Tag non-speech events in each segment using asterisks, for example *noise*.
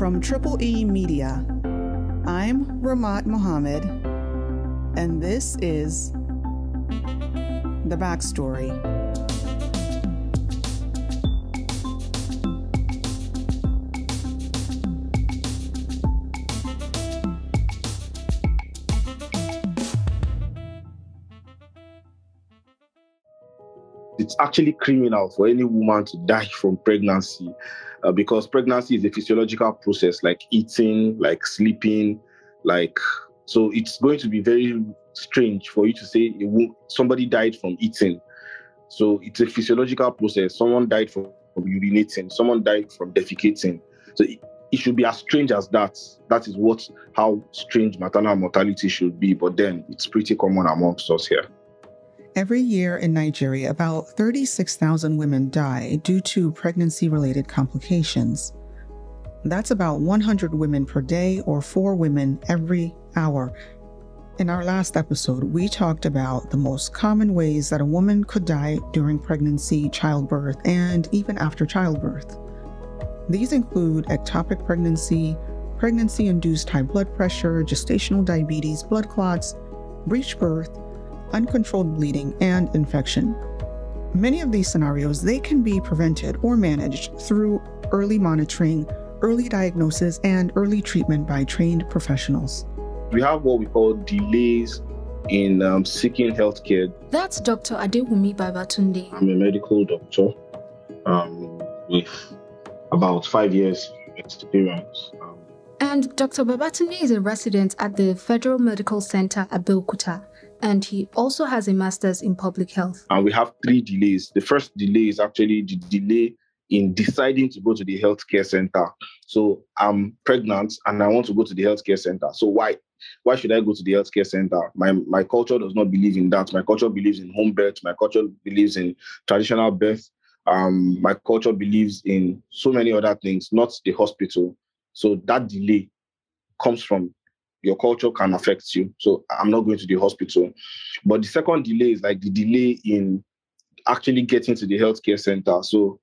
From Triple E Media, I'm Ramat Mohammed, and this is The Backstory. It's actually criminal for any woman to die from pregnancy uh, because pregnancy is a physiological process like eating, like sleeping, like so it's going to be very strange for you to say somebody died from eating. So it's a physiological process. Someone died from, from urinating, someone died from defecating. So it, it should be as strange as that. That is what how strange maternal mortality should be. But then it's pretty common amongst us here. Every year in Nigeria, about 36,000 women die due to pregnancy related complications. That's about 100 women per day or four women every hour. In our last episode, we talked about the most common ways that a woman could die during pregnancy, childbirth, and even after childbirth. These include ectopic pregnancy, pregnancy induced high blood pressure, gestational diabetes, blood clots, breech birth, uncontrolled bleeding, and infection. Many of these scenarios, they can be prevented or managed through early monitoring, early diagnosis, and early treatment by trained professionals. We have what we call delays in um, seeking healthcare. That's Dr. Adewumi Babatunde. I'm a medical doctor um, with about five years experience. Um, and Dr. Babatunde is a resident at the Federal Medical Center at Bilkuta and he also has a master's in public health. And we have three delays. The first delay is actually the delay in deciding to go to the healthcare center. So I'm pregnant and I want to go to the healthcare center. So why why should I go to the healthcare center? My my culture does not believe in that. My culture believes in home birth. My culture believes in traditional birth. Um, my culture believes in so many other things, not the hospital. So that delay comes from your culture can affect you. So I'm not going to the hospital. But the second delay is like the delay in actually getting to the healthcare center. So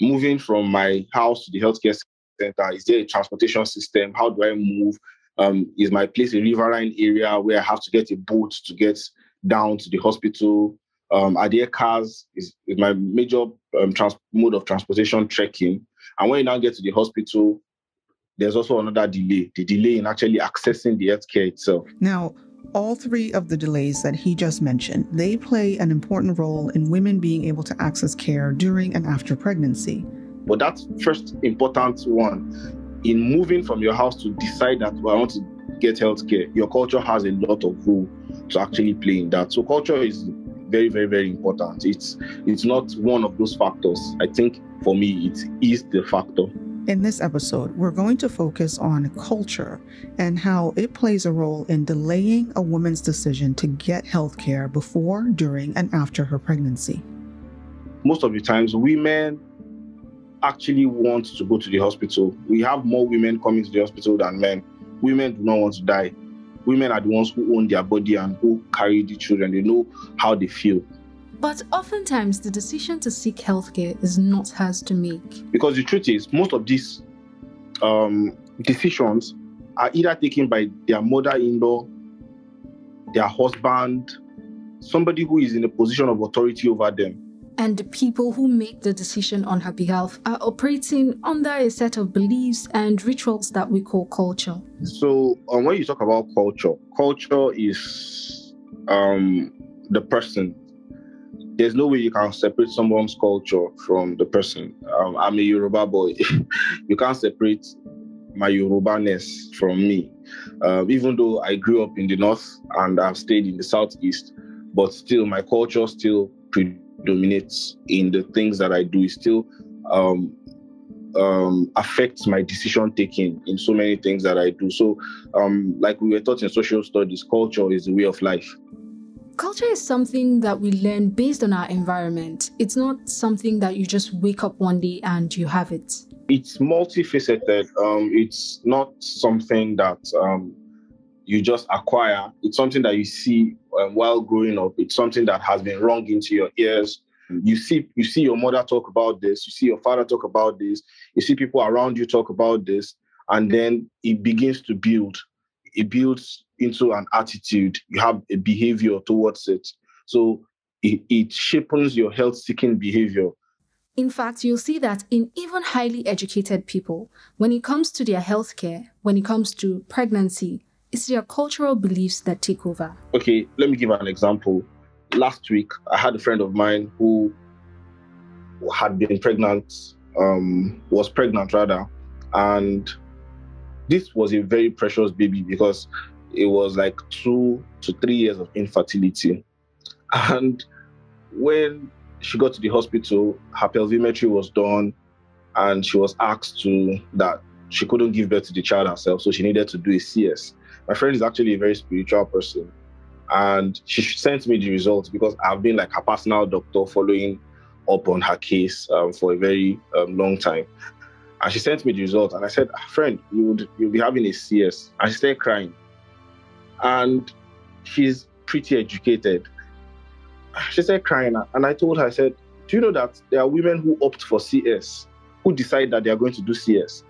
moving from my house to the healthcare center, is there a transportation system? How do I move? Um, is my place a riverine area where I have to get a boat to get down to the hospital? Um, are there cars? Is, is my major um, trans- mode of transportation trekking? And when you now get to the hospital, there's also another delay the delay in actually accessing the healthcare itself. Now, all three of the delays that he just mentioned, they play an important role in women being able to access care during and after pregnancy. But that's first important one. In moving from your house to decide that well, I want to get healthcare, your culture has a lot of role to actually play in that. So culture is very, very, very important. It's it's not one of those factors. I think for me, it is the factor. In this episode, we're going to focus on culture and how it plays a role in delaying a woman's decision to get health care before, during, and after her pregnancy. Most of the times, women actually want to go to the hospital. We have more women coming to the hospital than men. Women do not want to die. Women are the ones who own their body and who carry the children. They know how they feel. But oftentimes, the decision to seek healthcare is not hers to make. Because the truth is, most of these um, decisions are either taken by their mother in law, their husband, somebody who is in a position of authority over them. And the people who make the decision on her behalf are operating under a set of beliefs and rituals that we call culture. So, um, when you talk about culture, culture is um, the person, there's no way you can separate someone's culture from the person. Um, I'm a Yoruba boy. *laughs* you can't separate my Yorubaness from me. Uh, even though I grew up in the north and I've stayed in the southeast, but still my culture still predominates in the things that I do. It still um, um, affects my decision taking in so many things that I do. So, um, like we were taught in social studies, culture is a way of life. Culture is something that we learn based on our environment. It's not something that you just wake up one day and you have it. It's multifaceted. Um, it's not something that um, you just acquire. It's something that you see um, while growing up. It's something that has been rung into your ears. You see, you see your mother talk about this. You see your father talk about this. You see people around you talk about this, and then it begins to build it builds into an attitude. You have a behavior towards it. So it, it shapes your health seeking behavior. In fact, you'll see that in even highly educated people, when it comes to their healthcare, when it comes to pregnancy, it's their cultural beliefs that take over. Okay, let me give an example. Last week, I had a friend of mine who had been pregnant, um, was pregnant rather, and this was a very precious baby because it was like two to three years of infertility. And when she got to the hospital, her pelvimetry was done, and she was asked to that she couldn't give birth to the child herself, so she needed to do a CS. My friend is actually a very spiritual person, and she sent me the results because I've been like her personal doctor following up on her case um, for a very um, long time. And she sent me the result, and I said, ah, "Friend, you would you'll be having a CS." And she started crying. And she's pretty educated. Ah, she started crying, and I told her, I said, "Do you know that there are women who opt for CS, who decide that they are going to do CS,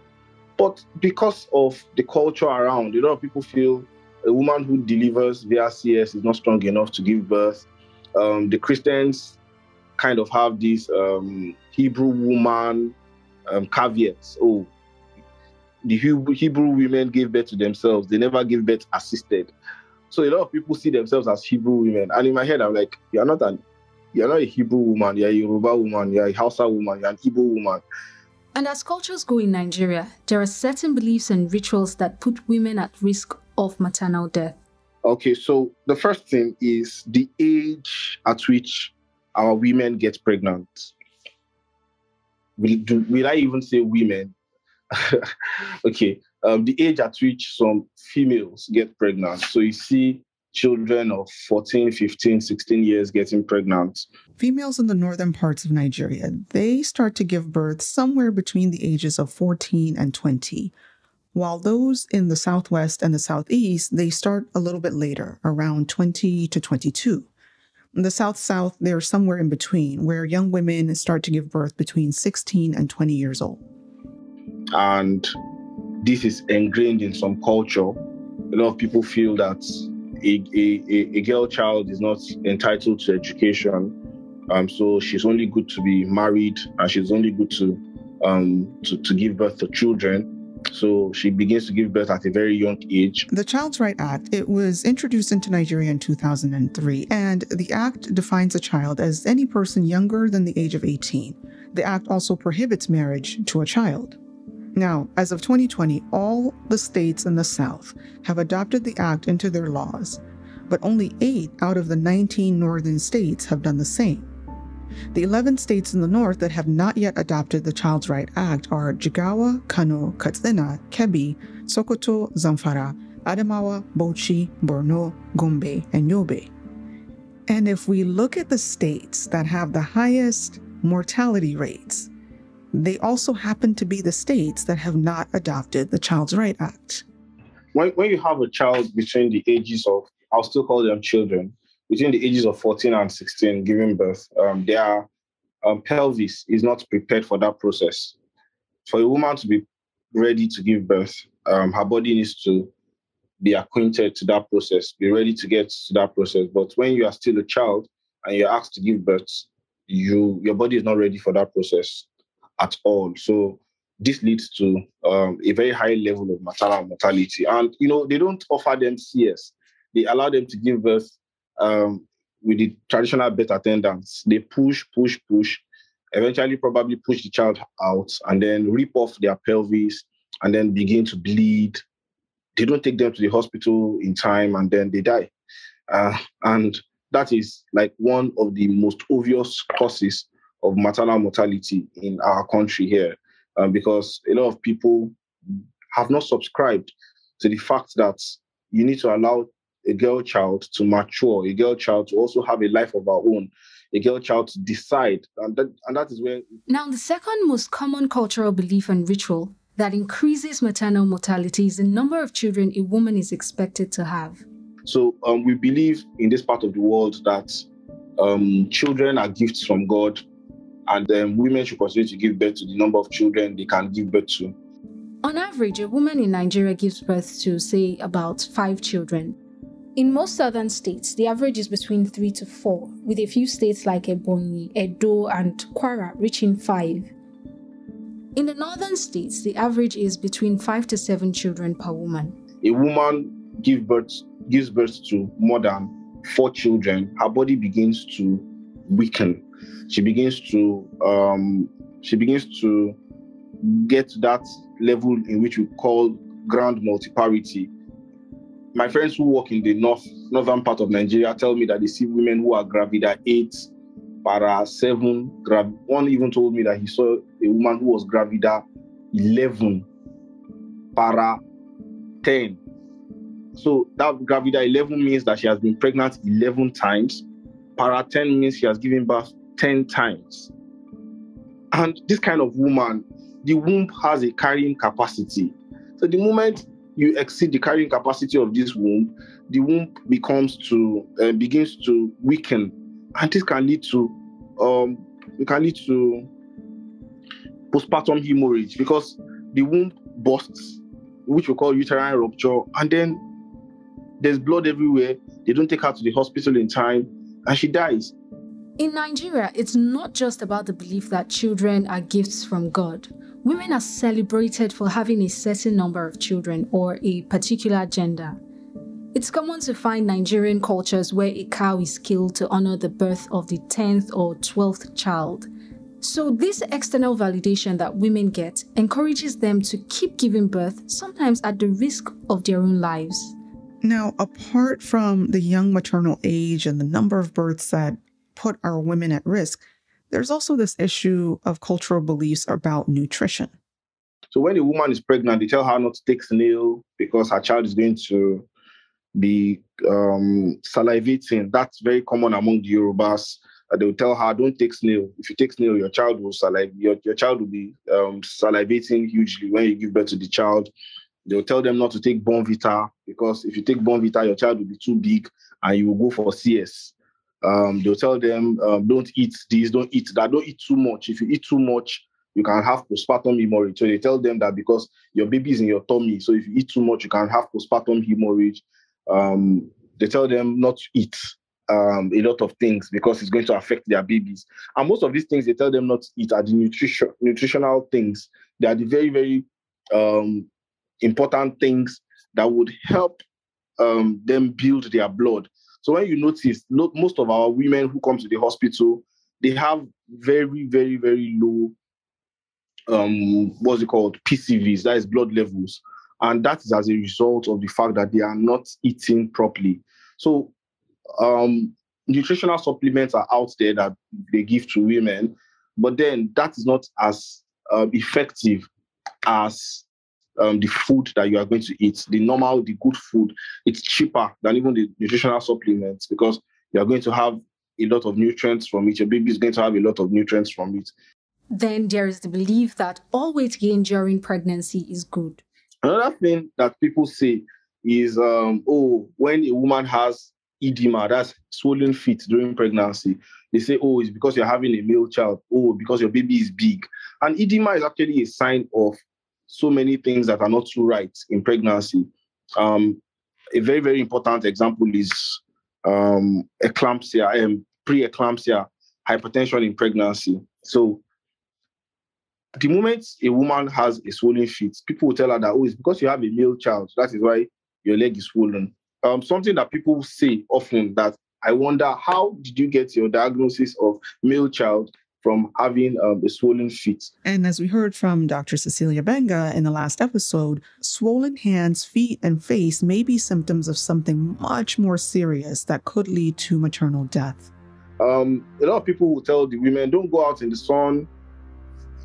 but because of the culture around, a lot of people feel a woman who delivers via CS is not strong enough to give birth. Um, the Christians kind of have this um, Hebrew woman um, caveats. Oh, the Hebrew women gave birth to themselves. They never gave birth assisted. So a lot of people see themselves as Hebrew women. And in my head, I'm like, you're not an, you're not a Hebrew woman. You're a Yoruba woman. You're a Hausa woman. You're an Igbo woman. And as cultures go in Nigeria, there are certain beliefs and rituals that put women at risk of maternal death. Okay, so the first thing is the age at which our women get pregnant will, do, will I even say women? *laughs* okay, um, the age at which some females get pregnant. So you see children of 14, 15, 16 years getting pregnant. Females in the northern parts of Nigeria, they start to give birth somewhere between the ages of 14 and 20. While those in the southwest and the southeast, they start a little bit later, around 20 to 22. In the South South, they're somewhere in between, where young women start to give birth between 16 and 20 years old. And this is ingrained in some culture. A lot of people feel that a, a, a girl child is not entitled to education. Um, so she's only good to be married and she's only good to, um, to, to give birth to children. So she begins to give birth at a very young age. The Child's Right Act, it was introduced into Nigeria in 2003, and the act defines a child as any person younger than the age of 18. The act also prohibits marriage to a child. Now, as of 2020, all the states in the South have adopted the act into their laws, but only eight out of the 19 northern states have done the same. The 11 states in the north that have not yet adopted the Child's Right Act are Jigawa, Kano, Katsina, Kebi, Sokoto, Zamfara, Adamawa, Bochi, Borno, Gombe, and Yobe. And if we look at the states that have the highest mortality rates, they also happen to be the states that have not adopted the Child's Right Act. When, when you have a child between the ages of, I'll still call them children, between the ages of 14 and 16 giving birth, um, their um, pelvis is not prepared for that process. For a woman to be ready to give birth, um, her body needs to be acquainted to that process, be ready to get to that process. But when you are still a child and you're asked to give birth, you your body is not ready for that process at all. So this leads to um, a very high level of maternal mortality. And you know they don't offer them CS. They allow them to give birth um, with the traditional birth attendants, they push, push, push, eventually probably push the child out and then rip off their pelvis and then begin to bleed. They don't take them to the hospital in time and then they die. Uh, and that is like one of the most obvious causes of maternal mortality in our country here uh, because a lot of people have not subscribed to the fact that you need to allow a girl child to mature, a girl child to also have a life of her own, a girl child to decide. And that, and that is where. Now, the second most common cultural belief and ritual that increases maternal mortality is the number of children a woman is expected to have. So, um, we believe in this part of the world that um, children are gifts from God, and then women should continue to give birth to the number of children they can give birth to. On average, a woman in Nigeria gives birth to, say, about five children. In most southern states, the average is between 3 to 4, with a few states like Ebonyi, Edo, and Kwara reaching 5. In the northern states, the average is between 5 to 7 children per woman. A woman give birth, gives birth to more than 4 children, her body begins to weaken. She begins to um, she begins to get to that level in which we call grand multiparity, my friends who work in the north northern part of Nigeria tell me that they see women who are gravida eight, para seven. Grav- one even told me that he saw a woman who was gravida eleven, para ten. So that gravida eleven means that she has been pregnant eleven times. Para ten means she has given birth ten times. And this kind of woman, the womb has a carrying capacity. So the moment you exceed the carrying capacity of this womb, the womb becomes to uh, begins to weaken, and this can lead to um, it can lead to postpartum hemorrhage because the womb bursts, which we call uterine rupture, and then there's blood everywhere. They don't take her to the hospital in time, and she dies. In Nigeria, it's not just about the belief that children are gifts from God. Women are celebrated for having a certain number of children or a particular gender. It's common to find Nigerian cultures where a cow is killed to honor the birth of the 10th or 12th child. So, this external validation that women get encourages them to keep giving birth, sometimes at the risk of their own lives. Now, apart from the young maternal age and the number of births that put our women at risk, there's also this issue of cultural beliefs about nutrition. So when a woman is pregnant, they tell her not to take snail because her child is going to be um, salivating. That's very common among the Yorubas. Uh, they will tell her, "Don't take snail. If you take snail, your child will saliv- your, your child will be um, salivating hugely when you give birth to the child." They'll tell them not to take Bonvita because if you take Bonvita, your child will be too big and you will go for CS. Um, they'll tell them, um, don't eat this, don't eat that, don't eat too much. If you eat too much, you can have postpartum hemorrhage. So they tell them that because your baby is in your tummy, so if you eat too much, you can have postpartum hemorrhage. Um, they tell them not to eat um, a lot of things because it's going to affect their babies. And most of these things they tell them not to eat are the nutrition, nutritional things. They are the very, very um, important things that would help um, them build their blood so when you notice, not, most of our women who come to the hospital, they have very, very, very low, um, what's it called, PCVs, that is blood levels, and that is as a result of the fact that they are not eating properly. So, um, nutritional supplements are out there that they give to women, but then that is not as um, effective as um, the food that you are going to eat, the normal, the good food, it's cheaper than even the nutritional supplements because you are going to have a lot of nutrients from it. Your baby is going to have a lot of nutrients from it. Then there is the belief that all weight gain during pregnancy is good. Another thing that people say is, um, oh, when a woman has edema, that's swollen feet during pregnancy, they say, oh, it's because you're having a male child. Oh, because your baby is big. And edema is actually a sign of so many things that are not so right in pregnancy. Um, a very, very important example is um, eclampsia, um, pre-eclampsia, hypertension in pregnancy. So the moment a woman has a swollen feet, people will tell her that, oh, it's because you have a male child. That is why your leg is swollen. Um, something that people say often that I wonder, how did you get your diagnosis of male child from having um, a swollen feet. And as we heard from Dr. Cecilia Benga in the last episode, swollen hands, feet, and face may be symptoms of something much more serious that could lead to maternal death. Um, a lot of people will tell the women, don't go out in the sun,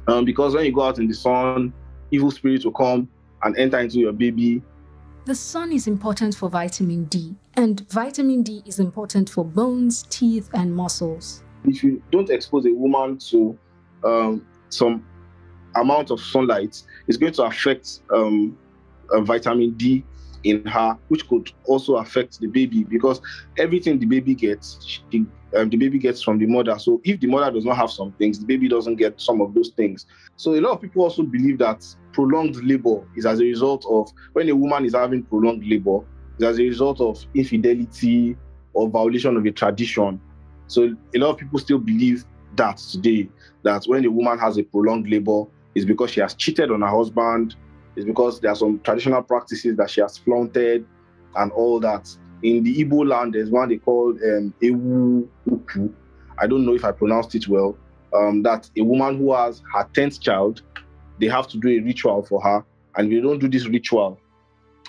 um, because when you go out in the sun, evil spirits will come and enter into your baby. The sun is important for vitamin D, and vitamin D is important for bones, teeth, and muscles if you don't expose a woman to um, some amount of sunlight, it's going to affect um, uh, vitamin D in her, which could also affect the baby because everything the baby gets, she, um, the baby gets from the mother. So if the mother does not have some things, the baby doesn't get some of those things. So a lot of people also believe that prolonged labor is as a result of when a woman is having prolonged labor, is as a result of infidelity or violation of a tradition. So a lot of people still believe that today, that when a woman has a prolonged labor, it's because she has cheated on her husband, it's because there are some traditional practices that she has flaunted and all that. In the Ibo land, there's one they call um, Ewu I don't know if I pronounced it well. Um, that a woman who has her 10th child, they have to do a ritual for her. And if they don't do this ritual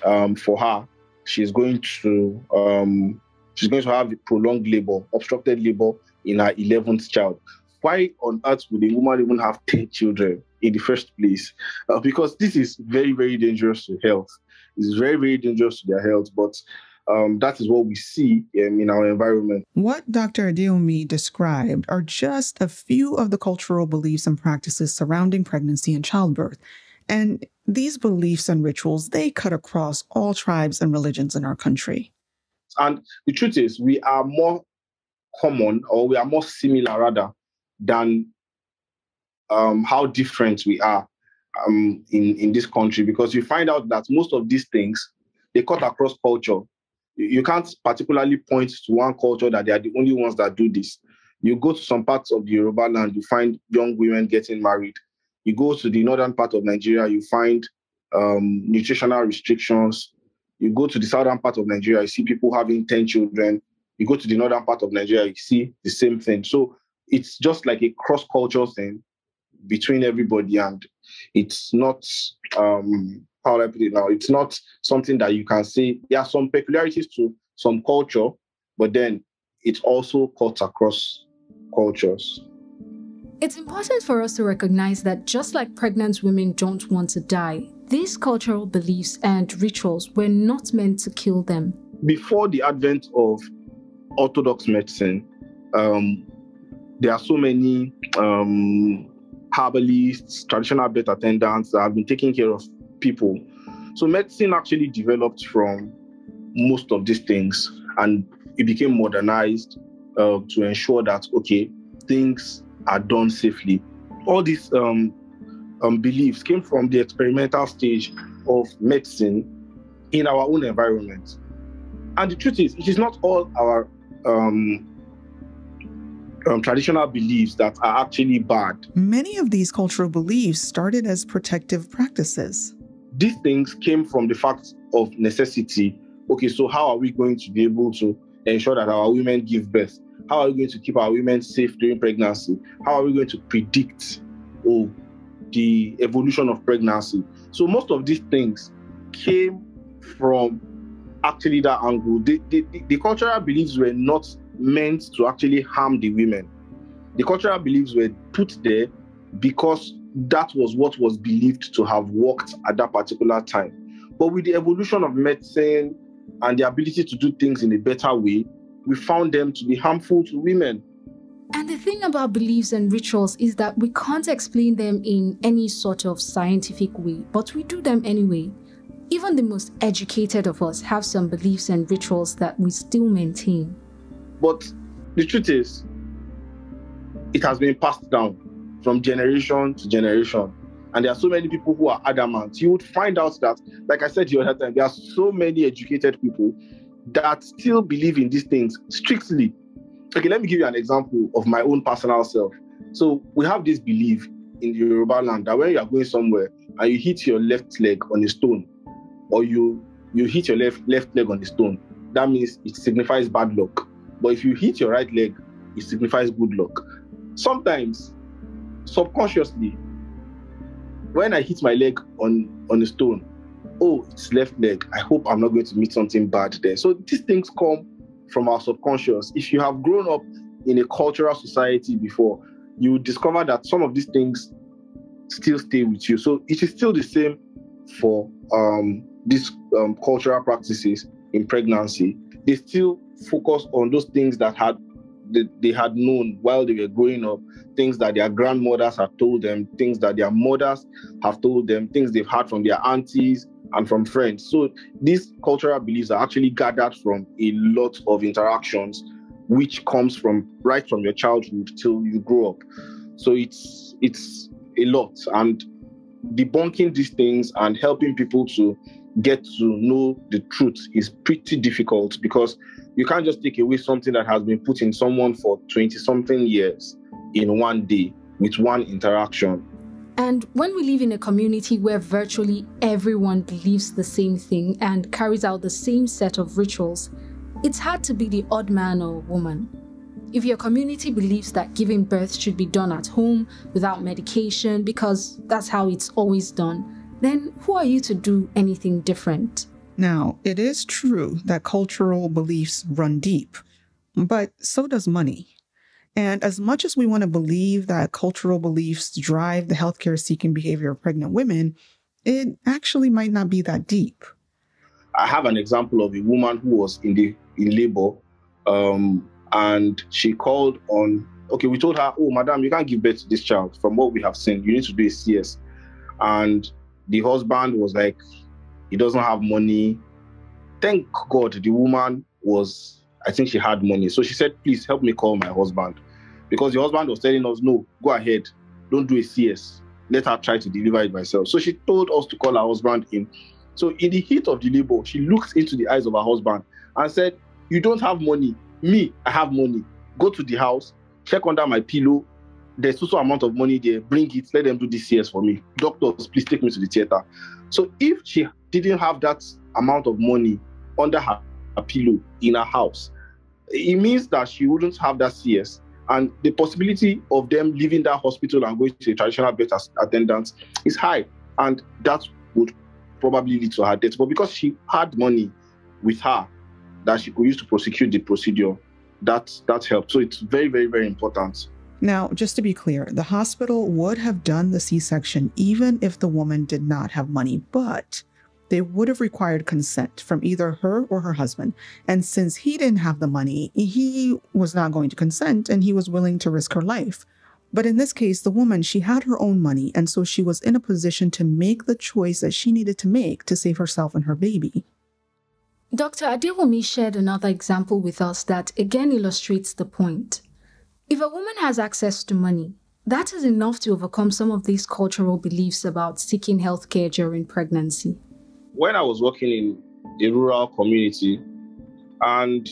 um, for her, she's going to um, she's going to have prolonged labor, obstructed labor in her 11th child. Why on earth would a woman even have 10 children in the first place? Uh, because this is very, very dangerous to health. It's very, very dangerous to their health. But um, that is what we see um, in our environment. What Dr. Adeomi described are just a few of the cultural beliefs and practices surrounding pregnancy and childbirth. And these beliefs and rituals, they cut across all tribes and religions in our country. And the truth is, we are more common or we are more similar rather than um, how different we are um, in, in this country because you find out that most of these things they cut across culture. You can't particularly point to one culture that they are the only ones that do this. You go to some parts of the Yoruba land, you find young women getting married. You go to the northern part of Nigeria, you find um, nutritional restrictions. You go to the southern part of Nigeria, you see people having 10 children. You go to the northern part of Nigeria, you see the same thing. So it's just like a cross cultural thing between everybody. And it's not, um, how I put it now? It's not something that you can see. There are some peculiarities to some culture, but then it also cuts across cultures. It's important for us to recognize that just like pregnant women don't want to die, these cultural beliefs and rituals were not meant to kill them. Before the advent of Orthodox medicine, um, there are so many um, herbalists, traditional birth attendants that have been taking care of people. So medicine actually developed from most of these things and it became modernized uh, to ensure that, okay, things are done safely. All these um, um, beliefs came from the experimental stage of medicine in our own environment. And the truth is, it is not all our um, um, traditional beliefs that are actually bad. Many of these cultural beliefs started as protective practices. These things came from the fact of necessity. Okay, so how are we going to be able to ensure that our women give birth? How are we going to keep our women safe during pregnancy? How are we going to predict, oh, the evolution of pregnancy. So most of these things came from actually that angle. The, the, the, cultural beliefs were not meant to actually harm the women. The cultural beliefs were put there because that was what was believed to have worked at that particular time. But with the evolution of medicine and the ability to do things in a better way, we found them to be harmful to women. And the thing about beliefs and rituals is that we can't explain them in any sort of scientific way, but we do them anyway. Even the most educated of us have some beliefs and rituals that we still maintain. But the truth is, it has been passed down from generation to generation. And there are so many people who are adamant. You would find out that, like I said the other time, there are so many educated people that still believe in these things strictly okay, let me give you an example of my own personal self. So we have this belief in the Yoruba land that when you are going somewhere and you hit your left leg on a stone, or you you hit your left left leg on a stone, that means it signifies bad luck. But if you hit your right leg, it signifies good luck. Sometimes, subconsciously, when I hit my leg on on a stone, oh, it's left leg. I hope I'm not going to meet something bad there. So these things come from our subconscious. If you have grown up in a cultural society before, you discover that some of these things still stay with you. So it is still the same for um, these um, cultural practices in pregnancy. They still focus on those things that had they, they had known while they were growing up, things that their grandmothers have told them, things that their mothers have told them, things they've heard from their aunties and from friends. So these cultural beliefs are actually gathered from a lot of interactions, which comes from right from your childhood till you grow up. So it's it's a lot. And debunking these things and helping people to get to know the truth is pretty difficult because you can't just take away something that has been put in someone for 20 something years in one day with one interaction. And when we live in a community where virtually everyone believes the same thing and carries out the same set of rituals, it's hard to be the odd man or woman. If your community believes that giving birth should be done at home without medication because that's how it's always done, then who are you to do anything different? Now, it is true that cultural beliefs run deep, but so does money. And as much as we want to believe that cultural beliefs drive the healthcare seeking behavior of pregnant women, it actually might not be that deep. I have an example of a woman who was in the in labor, um, and she called on. Okay, we told her, "Oh, madam, you can't give birth to this child. From what we have seen, you need to do a CS." And the husband was like, he doesn't have money. Thank God the woman was, I think she had money. So she said, please help me call my husband. Because the husband was telling us, no, go ahead, don't do a CS. Let her try to deliver it myself. So she told us to call her husband in. So in the heat of the labor, she looked into the eyes of her husband and said, You don't have money. Me, I have money. Go to the house, check under my pillow. There's also amount of money there. Bring it. Let them do this CS for me. Doctors, please take me to the theater. So if she didn't have that amount of money under her, pillow in her house. It means that she wouldn't have that CS. And the possibility of them leaving that hospital and going to a traditional birth attendant is high. And that would probably lead to her death. But because she had money with her that she could use to prosecute the procedure, that, that helped. So it's very, very, very important. Now, just to be clear, the hospital would have done the C section even if the woman did not have money, but they would have required consent from either her or her husband. And since he didn't have the money, he was not going to consent and he was willing to risk her life. But in this case, the woman, she had her own money, and so she was in a position to make the choice that she needed to make to save herself and her baby. Dr. Adewumi shared another example with us that again illustrates the point. If a woman has access to money, that is enough to overcome some of these cultural beliefs about seeking healthcare during pregnancy when I was working in a rural community, and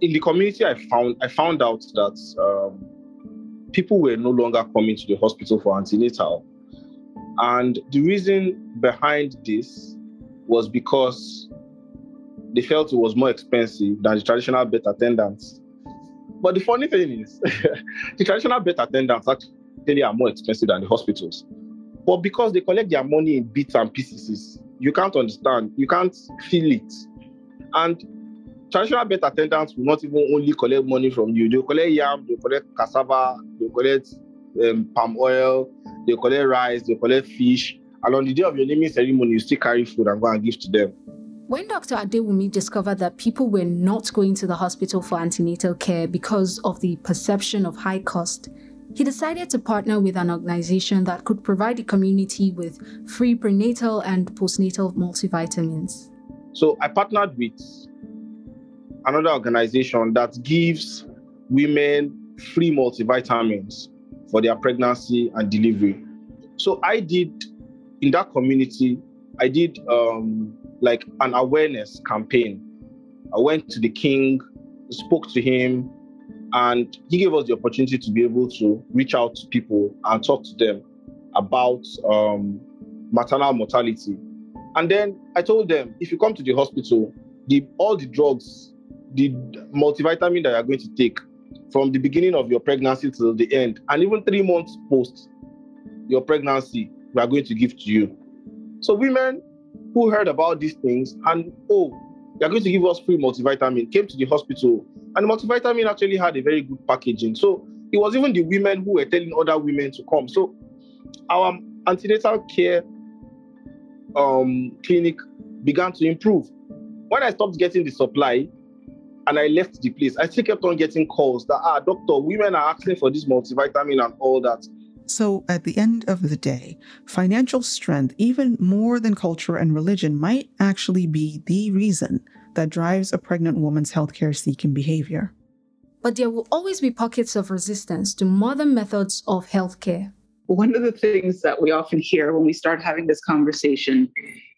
in the community, I found I found out that um, people were no longer coming to the hospital for antenatal, and the reason behind this was because they felt it was more expensive than the traditional bed attendants. But the funny thing is, *laughs* the traditional bed attendants actually are more expensive than the hospitals. But because they collect their money in bits and pieces, you can't understand, you can't feel it. And traditional bet attendants will not even only collect money from you. They collect yam, they collect cassava, they collect um, palm oil, they collect rice, they collect fish. And on the day of your naming ceremony, you still carry food and go and give to them. When Dr. Adewumi discovered that people were not going to the hospital for antenatal care because of the perception of high cost, he decided to partner with an organization that could provide the community with free prenatal and postnatal multivitamins. So I partnered with another organization that gives women free multivitamins for their pregnancy and delivery. So I did in that community, I did um, like an awareness campaign. I went to the king, spoke to him, and he gave us the opportunity to be able to reach out to people and talk to them about um, maternal mortality. And then I told them, if you come to the hospital, the, all the drugs, the multivitamin that you're going to take from the beginning of your pregnancy till the end, and even three months post your pregnancy, we are going to give to you. So women who heard about these things and oh, they're going to give us free multivitamin. Came to the hospital, and the multivitamin actually had a very good packaging. So it was even the women who were telling other women to come. So our antenatal care um, clinic began to improve. When I stopped getting the supply and I left the place, I still kept on getting calls that, ah, doctor, women are asking for this multivitamin and all that. So, at the end of the day, financial strength, even more than culture and religion, might actually be the reason that drives a pregnant woman's healthcare seeking behavior. But there will always be pockets of resistance to modern methods of healthcare. One of the things that we often hear when we start having this conversation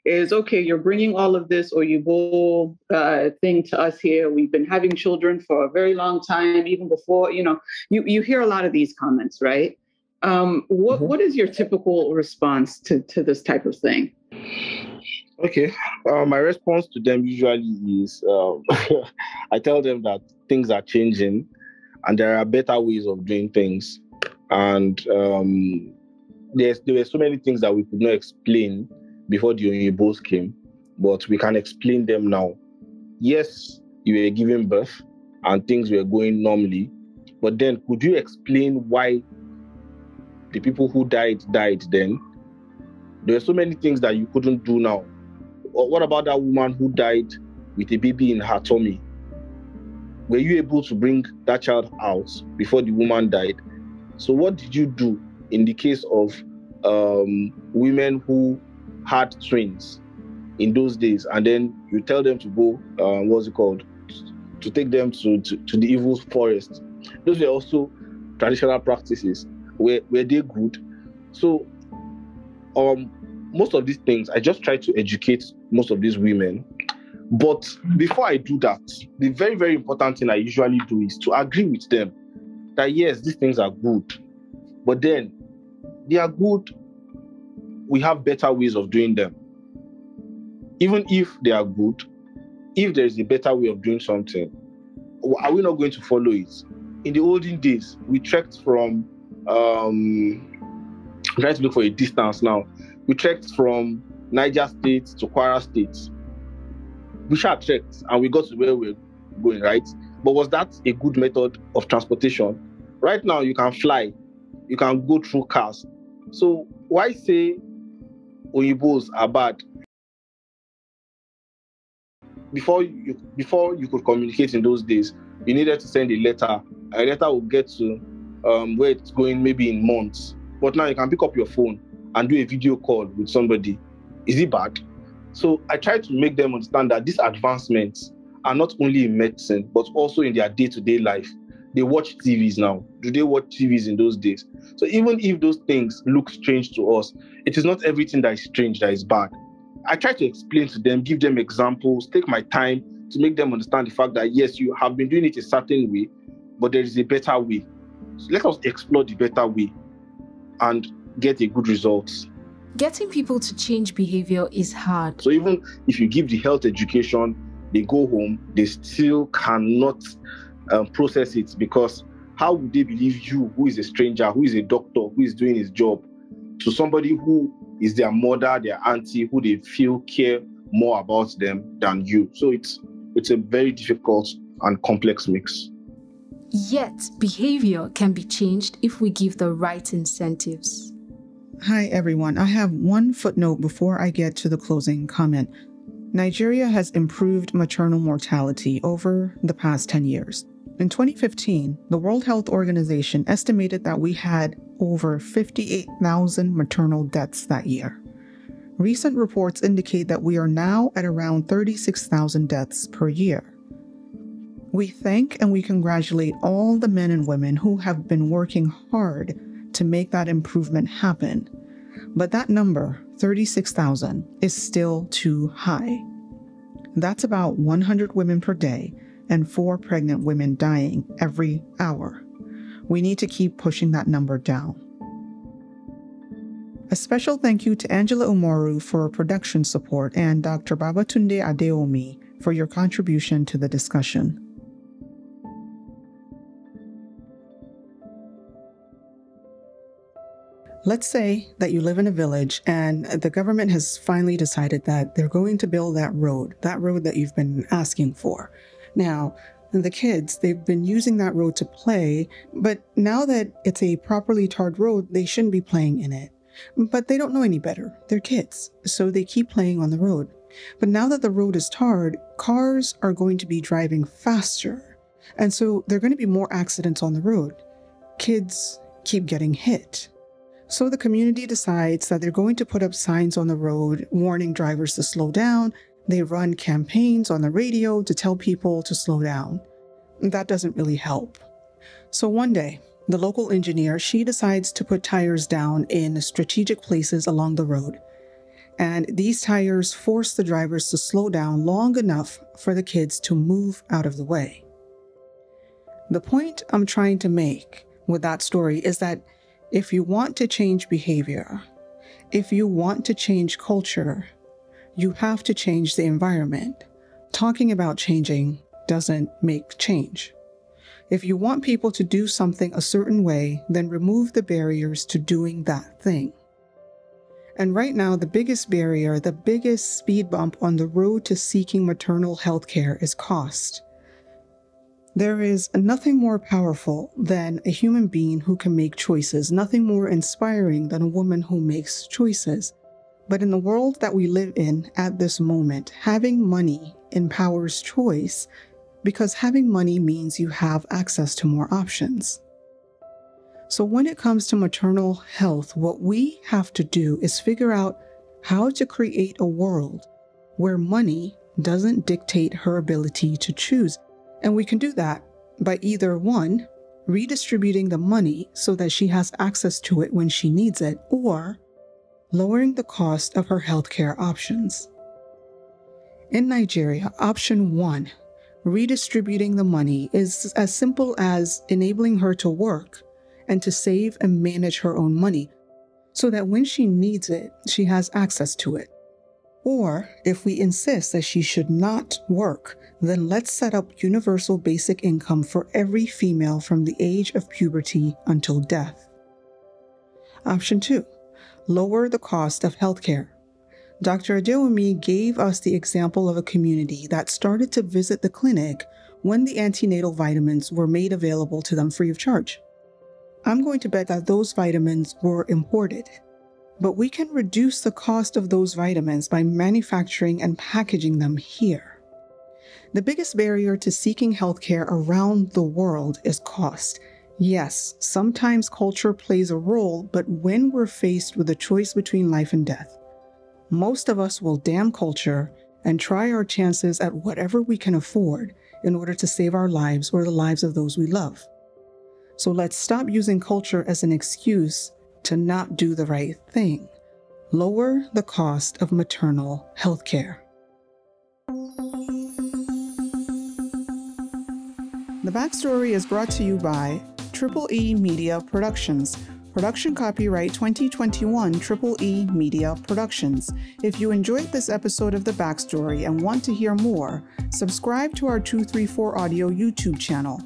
is okay, you're bringing all of this or Oyibo uh, thing to us here. We've been having children for a very long time, even before, you know, you, you hear a lot of these comments, right? Um, what, mm-hmm. what is your typical response to, to this type of thing? Okay. Uh, my response to them usually is um, *laughs* I tell them that things are changing and there are better ways of doing things. And um, there's, there were so many things that we could not explain before the both came, but we can explain them now. Yes, you were giving birth and things were going normally, but then could you explain why the people who died died then. There were so many things that you couldn't do now. what about that woman who died with a baby in her tummy? Were you able to bring that child out before the woman died? So, what did you do in the case of um, women who had twins in those days? And then you tell them to go, uh, what's it called, to take them to, to, to the evil forest. Those were also traditional practices were were they good? So, um, most of these things, I just try to educate most of these women. But before I do that, the very very important thing I usually do is to agree with them that yes, these things are good, but then they are good. We have better ways of doing them. Even if they are good, if there is a better way of doing something, are we not going to follow it? In the olden days, we trekked from um, I'm trying to look for a distance now. We trekked from Niger State to Kwara State. We shall trekked and we got to where we are going, right? But was that a good method of transportation? Right now, you can fly, you can go through cars. So why say Oyibos are bad? Before you before you could communicate in those days, you needed to send a letter. A letter would get to um, where it's going maybe in months. But now you can pick up your phone and do a video call with somebody. Is it bad? So I try to make them understand that these advancements are not only in medicine, but also in their day to day life. They watch TVs now. Do they watch TVs in those days? So even if those things look strange to us, it is not everything that is strange that is bad. I try to explain to them, give them examples, take my time to make them understand the fact that yes, you have been doing it a certain way, but there is a better way let us explore the better way and get a good result. Getting people to change behavior is hard. So even if you give the health education, they go home, they still cannot um, process it because how would they believe you, who is a stranger, who is a doctor, who is doing his job, to somebody who is their mother, their auntie, who they feel care more about them than you. So it's it's a very difficult and complex mix. Yet, behavior can be changed if we give the right incentives. Hi, everyone. I have one footnote before I get to the closing comment. Nigeria has improved maternal mortality over the past 10 years. In 2015, the World Health Organization estimated that we had over 58,000 maternal deaths that year. Recent reports indicate that we are now at around 36,000 deaths per year. We thank and we congratulate all the men and women who have been working hard to make that improvement happen. But that number, 36,000, is still too high. That's about 100 women per day and four pregnant women dying every hour. We need to keep pushing that number down. A special thank you to Angela Umoru for production support and Dr. Babatunde Adeomi for your contribution to the discussion. Let's say that you live in a village and the government has finally decided that they're going to build that road, that road that you've been asking for. Now, the kids, they've been using that road to play, but now that it's a properly tarred road, they shouldn't be playing in it. But they don't know any better. They're kids, so they keep playing on the road. But now that the road is tarred, cars are going to be driving faster. And so there are going to be more accidents on the road. Kids keep getting hit. So the community decides that they're going to put up signs on the road warning drivers to slow down. They run campaigns on the radio to tell people to slow down. That doesn't really help. So one day, the local engineer, she decides to put tires down in strategic places along the road. And these tires force the drivers to slow down long enough for the kids to move out of the way. The point I'm trying to make with that story is that if you want to change behavior, if you want to change culture, you have to change the environment. Talking about changing doesn't make change. If you want people to do something a certain way, then remove the barriers to doing that thing. And right now, the biggest barrier, the biggest speed bump on the road to seeking maternal health care is cost. There is nothing more powerful than a human being who can make choices, nothing more inspiring than a woman who makes choices. But in the world that we live in at this moment, having money empowers choice because having money means you have access to more options. So, when it comes to maternal health, what we have to do is figure out how to create a world where money doesn't dictate her ability to choose. And we can do that by either one, redistributing the money so that she has access to it when she needs it, or lowering the cost of her healthcare options. In Nigeria, option one, redistributing the money, is as simple as enabling her to work and to save and manage her own money so that when she needs it, she has access to it. Or if we insist that she should not work, then let's set up universal basic income for every female from the age of puberty until death. Option 2 Lower the cost of healthcare. Dr. Adewumi gave us the example of a community that started to visit the clinic when the antenatal vitamins were made available to them free of charge. I'm going to bet that those vitamins were imported but we can reduce the cost of those vitamins by manufacturing and packaging them here. The biggest barrier to seeking healthcare around the world is cost. Yes, sometimes culture plays a role, but when we're faced with a choice between life and death, most of us will damn culture and try our chances at whatever we can afford in order to save our lives or the lives of those we love. So let's stop using culture as an excuse to not do the right thing. Lower the cost of maternal health care. The backstory is brought to you by Triple E Media Productions. Production copyright 2021 Triple E Media Productions. If you enjoyed this episode of The Backstory and want to hear more, subscribe to our 234 Audio YouTube channel.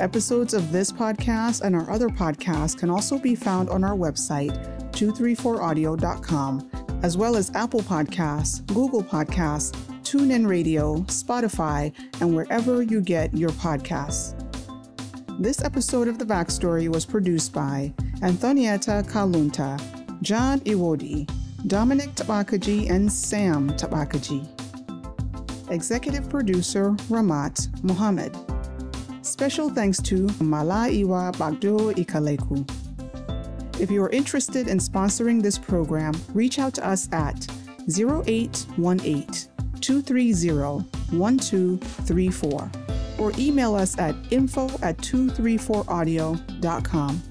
Episodes of this podcast and our other podcasts can also be found on our website, 234audio.com, as well as Apple Podcasts, Google Podcasts, TuneIn Radio, Spotify, and wherever you get your podcasts. This episode of The Backstory was produced by Antonietta Kalunta, John Iwodi, Dominic Tabakaji, and Sam Tabakaji. Executive Producer Ramat Mohammed. Special thanks to Malaiwa Bagdo Ikaleku. If you are interested in sponsoring this program, reach out to us at 0818 230 1234 or email us at info at 234audio.com.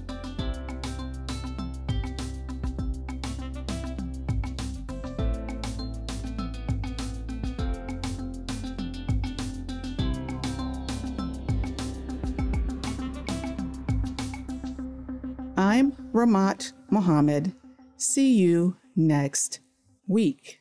Ramat Mohammed. See you next week.